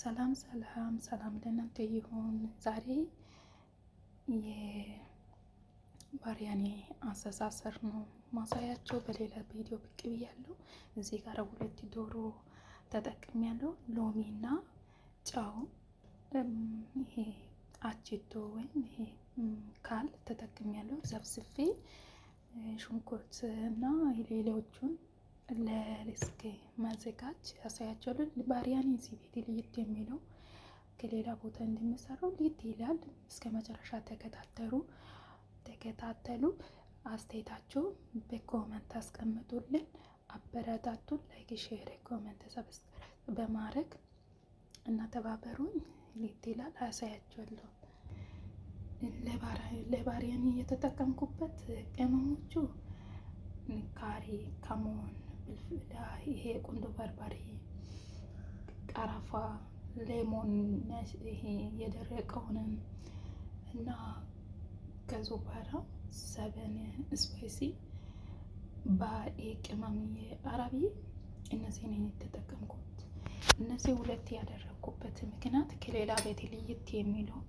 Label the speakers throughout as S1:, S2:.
S1: ሰላም ሰላም ሰላም ለእናንተ ይሁን። ዛሬ የባርያኔ አሰሳሰር ነው ማሳያቸው። በሌላ ቪዲዮ ብቅ ብያለሁ። እዚህ ጋር ሁለት ዶሮ ተጠቅም ያለው ሎሚና ጨው፣ ይሄ አችቶ ወይም ይሄ ካል ተጠቅም ያለው ዘብስፌ፣ ሽንኩርት እና ሌሎቹን ለሪስክ ማዘጋጅ ያሳያቸዋለን። ባሪያን እዚህ ቤት ልዩት የሚለው ከሌላ ቦታ እንደሚሰራው ልዩት ይላል። እስከ መጨረሻ ተከታተሉ ተከታተሉ። አስተያየታቸው በኮመንት አስቀምጡልን፣ አበረታቱን። ላይክ፣ ሼር፣ ኮመንት ሰብስክራይብ በማድረግ እና ተባበሩኝ። ልዩት ይላል አሳያቸዋለሁ። ለባሪያን እየተጠቀምኩበት ቅመሞቹ ካሪ፣ ከሞን ይሄ ቁንዶ በርበሬ፣ ቀረፋ፣ ሌሞን ይሄ የደረቀውንም እና ከዚ በኋላ ሰበን ስፓይሲ በኤ ቅመም አረቢ እነዚህ ነው የተጠቀምኩት። እነዚህ ሁለት ያደረግኩበት ምክንያት ከሌላ ቤት ልይት የሚለው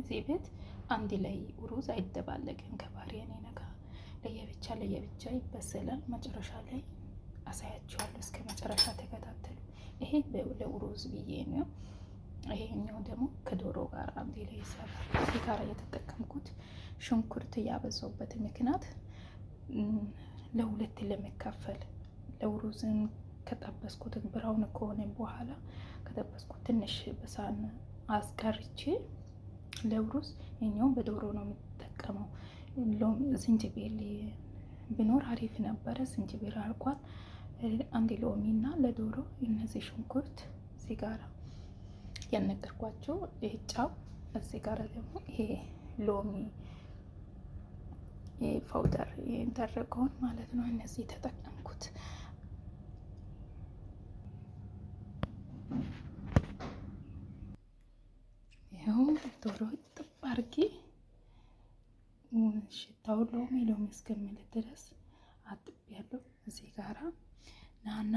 S1: እዚህ ቤት አንድ ላይ ሩዝ አይደባለቅም ከባሪ ይነካ ለየብቻ ለየብቻ ይበሰላል። መጨረሻ ላይ አሳያችኋለሁ። እስከ መጨረሻ ተከታተሉ። ይሄ ለሩዝ ብዬ ነው። ይሄኛው ደግሞ ከዶሮ ጋር አንዴ ላይ ይሰራል። እዚህ ጋር የተጠቀምኩት ሽንኩርት ያበዛውበት ምክንያት ለሁለት ለመካፈል ለሩዝን ከጠበስኩት ብራውን ከሆነ በኋላ ከጠበስኩት ትንሽ በሳን አስቀርቼ ለሩዝ ይኛው በዶሮ ነው ሎም ዝንጅቤል ብኖር አሪፍ ነበረ። ዝንጅቤል አልቋል። አንድ ሎሚ እና ለዶሮ እነዚህ ሽንኩርት እዚህ ጋር ያነገርኳቸው ጫው፣ እዚህ ጋር ደግሞ ይሄ ሎሚ ፓውደር የደረገውን ማለት ነው። እነዚህ ተጠቀምኩት። ይኸው ዶሮ ጥብ ሽታው ሎሚ ሎሚ እስከሚል ድረስ አጥብ ያለው እዚህ ጋራ ናና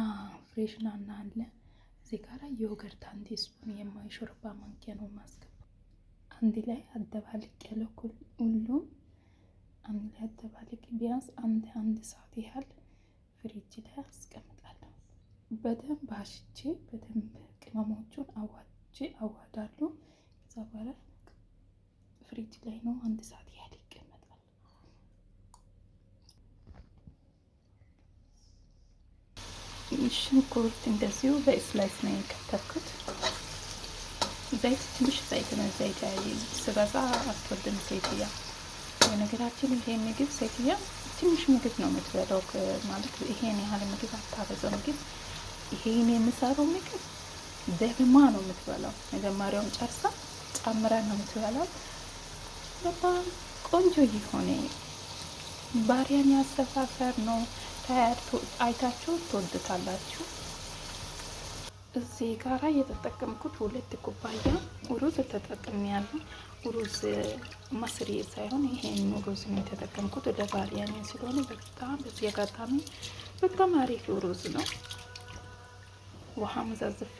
S1: ፍሬሽ ናና አለ። እዚህ ጋራ ዮገርት አንድ ስፑን የማይ ሾርባ ማንኪያ ነው ማስገባ። አንድ ላይ አደባልቅ ያለው ሁሉም አንድ ላይ አደባልቅ። ቢያንስ አንድ አንድ ሰዓት ያህል ፍሪጅ ላይ አስቀምጣለሁ። በደንብ አሽቼ በደንብ ቅመሞቹን አዋጅ አዋዳሉ። ከዛ በኋላ ፍሪጅ ላይ ነው አንድ ሰዓት ያህል ሽንኩርት እንደዚሁ በስላይስ ነው የከተኩት ዘይት ትንሽ ዘይት ነው። ዘይት ስበዛ አትወድም ሴትያ። በነገራችን ይሄ ምግብ ሴትያ ትንሽ ምግብ ነው የምትበላው ማለት ይሄን ያህል ምግብ አታበዛው። ምግብ ይሄን የምሰራው ምግብ ደግማ ነው የምትበላው። መጀመሪያውም ጨርሳ ጨምራ ነው የምትበላው። በጣም ቆንጆ የሆነ ባሪያን ያሰፋፈር ነው። አይታችሁ ትወዱታላችሁ። እዚህ ጋራ የተጠቀምኩት ሁለት ኩባያ ሩዝ ተጠቅሜያለሁ። ሩዝ መስሪ ሳይሆን ይሄን ሩዝ ነው የተጠቀምኩት። ወደ ስለሆነ በጣም በዚህ አጋጣሚ በጣም አሪፍ ሩዝ ነው። ውሃም ዘዝፌ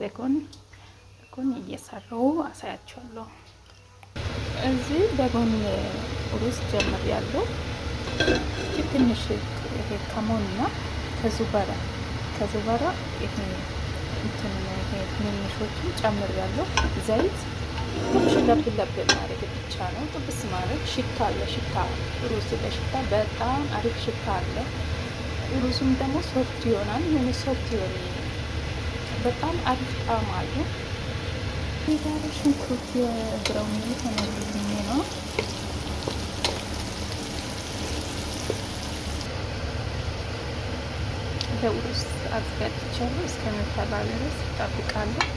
S1: በጎን በጎን እየሰራው አሳያቸዋለሁ። እዚህ በጎን ሩዝ ጀምር ያለው ትንሽ ይሄ ከሞንና ከዙበራ ከዙበራ ይሄ እንትን ይሄ ትንንሾችን ጨምር ያለው ዘይት ትንሽ ለብለብ ለብ ማድረግ ብቻ ነው። ጥብስ ማድረግ ሽታ አለ። ሽታ ሩዝ ለሽታ በጣም አሪፍ ሽታ አለ። ሩዙም ደግሞ ሶፍት ይሆናል። የሆነ ሶፍት ይሆን በጣም አሪፍ ጣዕም አለ። ሽንኩርት የብረው ነው። ውስጥ እስከ እስከሚፈላ ድረስ እጠብቃለሁ።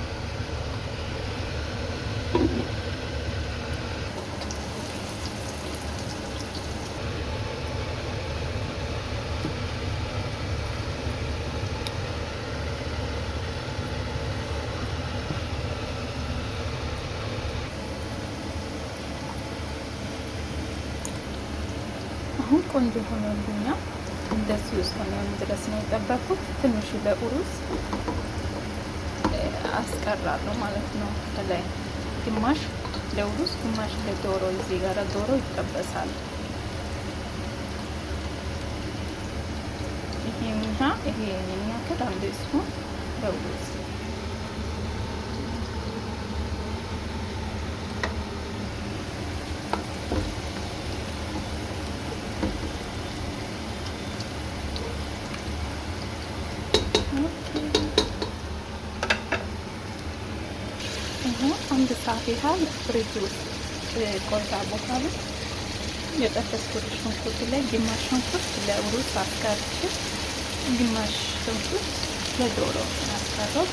S1: አሁን ቆንጆ ሆኖልኛል። እንደሱ እስከሚሆን ድረስ ነው የጠበኩት። ትንሽ ለኡሩዝ አስቀራለሁ ማለት ነው። ከላይ ግማሽ ለኡሩዝ፣ ግማሽ ለዶሮ። እዚህ ጋር ዶሮ ይጠበሳል። ይሄ ሚሃ ይሄ የሚያክል አንድ ስፑን ለኡሩዝ ሆስፒታል ፍሪጅ ውስጥ ቆንጣ ቦታ ላይ የጠፈስኩት ሽንኩርት ላይ ግማሽ ሽንኩርት ለሩዝ አስካርቼ ግማሽ ሽንኩርት ለዶሮ አስካሮት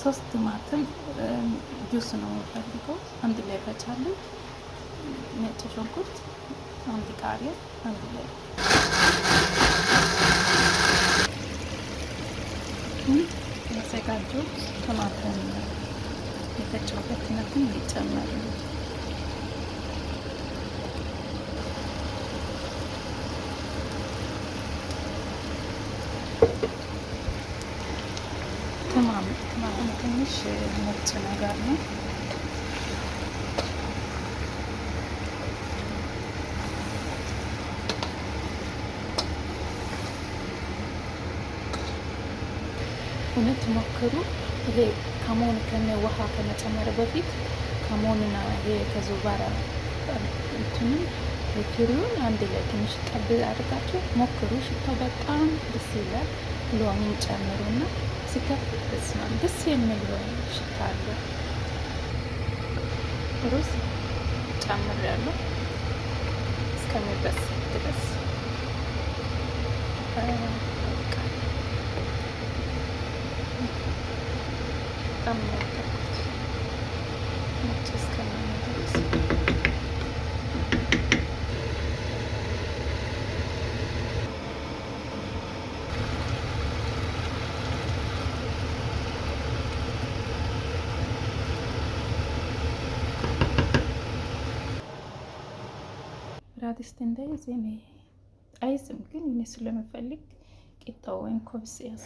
S1: ሶስት ቲማቲም ጁስ ነው የምፈልገው። አንድ ላይ ፈጫለሁ። ነጭ ሽንኩርት፣ አንድ ቃሪያ፣ አንድ ላይ ያዘጋጀሁት ቲማቲም የፈጨሁበት ቲማቲም ይጨመራል። ነጭ ነገር ነው። እውነት ሞክሩ። ይሄ ከሞን ከነ ውሃ ከመጨመር በፊት ከሞንና ይሄ ከዙባራ እንትንም ፍሪውን አንድ ላይ ትንሽ ጠብ አድርጋችሁ ሞክሩ። ሽታው በጣም ደስ ይላል። ሎሚን ጨምሩና ሲከፍት ደስ የሚል ሽታ አለው። ሩዝ ያለው እስከሚበስል ድረስ በጣም አክስት እንዳይዝ እኔ አይዝም፣ ግን እኔ ስለምፈልግ ቂጣ ወይም ኮብስ ያዝ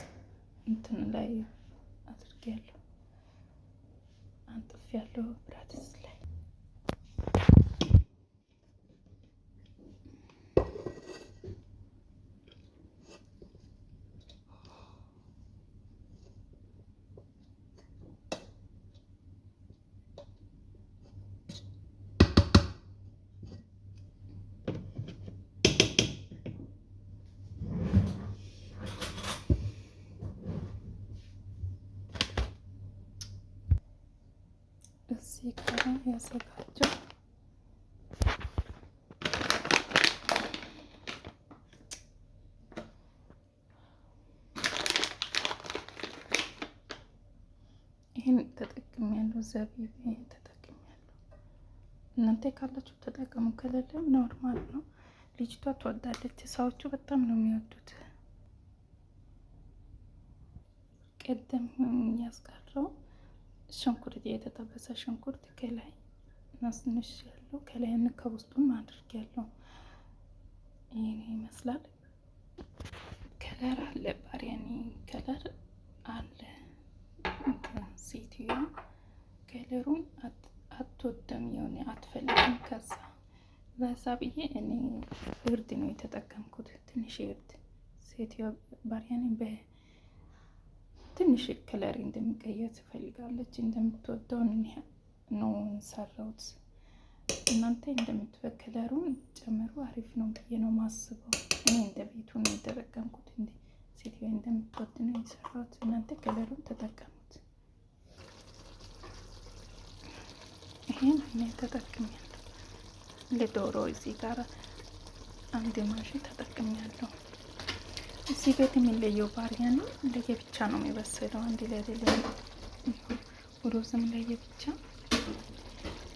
S1: እንትን ላይ አድርጌያለሁ፣ አንጥፍ ያለው ብራትስ ያዘጋጀው። ይህን ተጠቅም ያለው ዘቢብ ተጠቅም ያለው እናንተ ካላችሁ ተጠቀሙ፣ ከሌለም ኖርማል ነው። ልጅቷ ትወዳለች። ሰዎቹ በጣም ነው የሚወዱት። ቀደም ያስቀረው ሽንኩርት የተጠበሰ ሽንኩርት ከላይ ናስንሽ ያለው ከላይ ከውስጡም አድርግ ያለው ይህን ይመስላል። ከለር አለ ባሪያኒ ከለር አለ። ሴትዮዋ ከለሩን አትወደም የሆነ አትፈልግም። ከዛ በዛ ብዬ እኔ እርድ ነው የተጠቀምኩት፣ ትንሽ እርድ። ሴትዮዋ ባሪያኒ በትንሽ ከለር እንደሚቀየር ትፈልጋለች እንደምትወደውን ነው ሰራሁት። እናንተ እንደምትበ ከለሩን ጨምሩ። አሪፍ ነው ብዬ ነው ማስበው። እኔ እንደ ቤቱ ነው የተጠቀምኩት። እንደ ሴትዮ እንደምትወድ ነው የሰራሁት። እናንተ ከለሩን ተጠቀሙት። ይህን እኔ ተጠቅሜያለሁ። ለዶሮ እዚህ ጋር አንድ ማሽን ተጠቅሜያለሁ። እዚህ ቤት የሚለየው ባሪያ ነው። ለየብቻ ነው የሚበስለው። አንድ ላይ አይደለም። ሩዝም ለየብቻ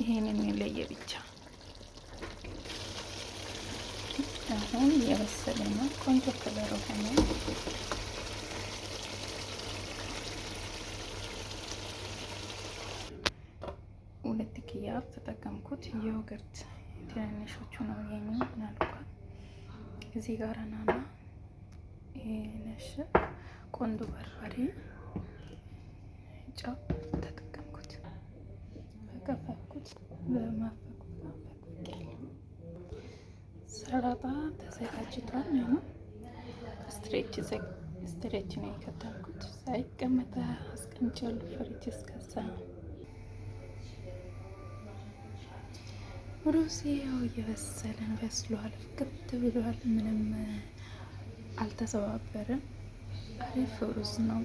S1: ይሄንን ብቻ አሁን የበሰለ ነው። ቆንጆ ከለር ሆነ። ሁለት ኪያር ተጠቀምኩት። የዮገርት ትንንሾቹ ነው የኔ ምናልባት እዚህ ጋር ናና ነሽ ቆንዶ በርበሬ ጨው በማፈቅ ሰላጣ ተዘጋጅቷል። ነው ስትሬች ስትሬች ነው የከተልኩት ሳይቀመጠ አስቀምጫለሁ ፍሪጅ እስከዛ ሩዝ ያው እየበሰለን በስሏል፣ ፍክት ብሏል። ምንም አልተሰባበረም። አሪፍ ሩዝ ነው።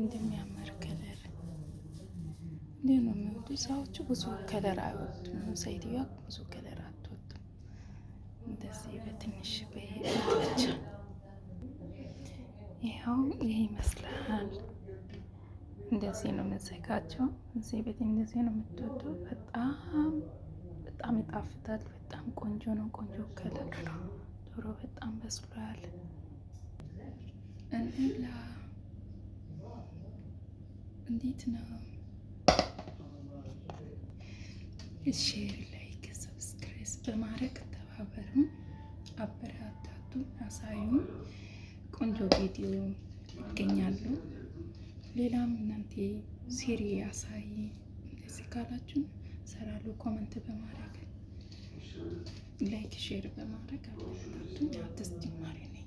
S1: እንደሚያምር ከለር እንዲህ ነው የሚወዱ ሰዎቹ። ብዙ ከለር አይወዱም። ሴትዮዋ ብዙ ከለር አትወዱም። እንደዚህ በትንሽ ብቻ ይኸው ይህ ይመስላል። እንደዚህ ነው የምዘጋጀው። እዚህ ቤት እንደዚህ ነው የምትወዱ። በጣም በጣም ይጣፍታል። በጣም ቆንጆ ነው። ቆንጆ ከለር ዶሮ በጣም በስሏል። እንብላ እንዴት ነው? ሼር፣ ላይክ፣ ሰብስክራይብ በማድረግ ተባበሩ፣ አበረታቱ፣ አሳዩ። ቆንጆ ቪዲዮ ይገኛሉ። ሌላም እናንተ ሲሪ አሳይ እንደዚህ ካላችሁ ሰራሉ። ኮመንት በማድረግ ላይክ ሼር በማድረግ አበረታቱ። አዲስ ጅማሬ ነው።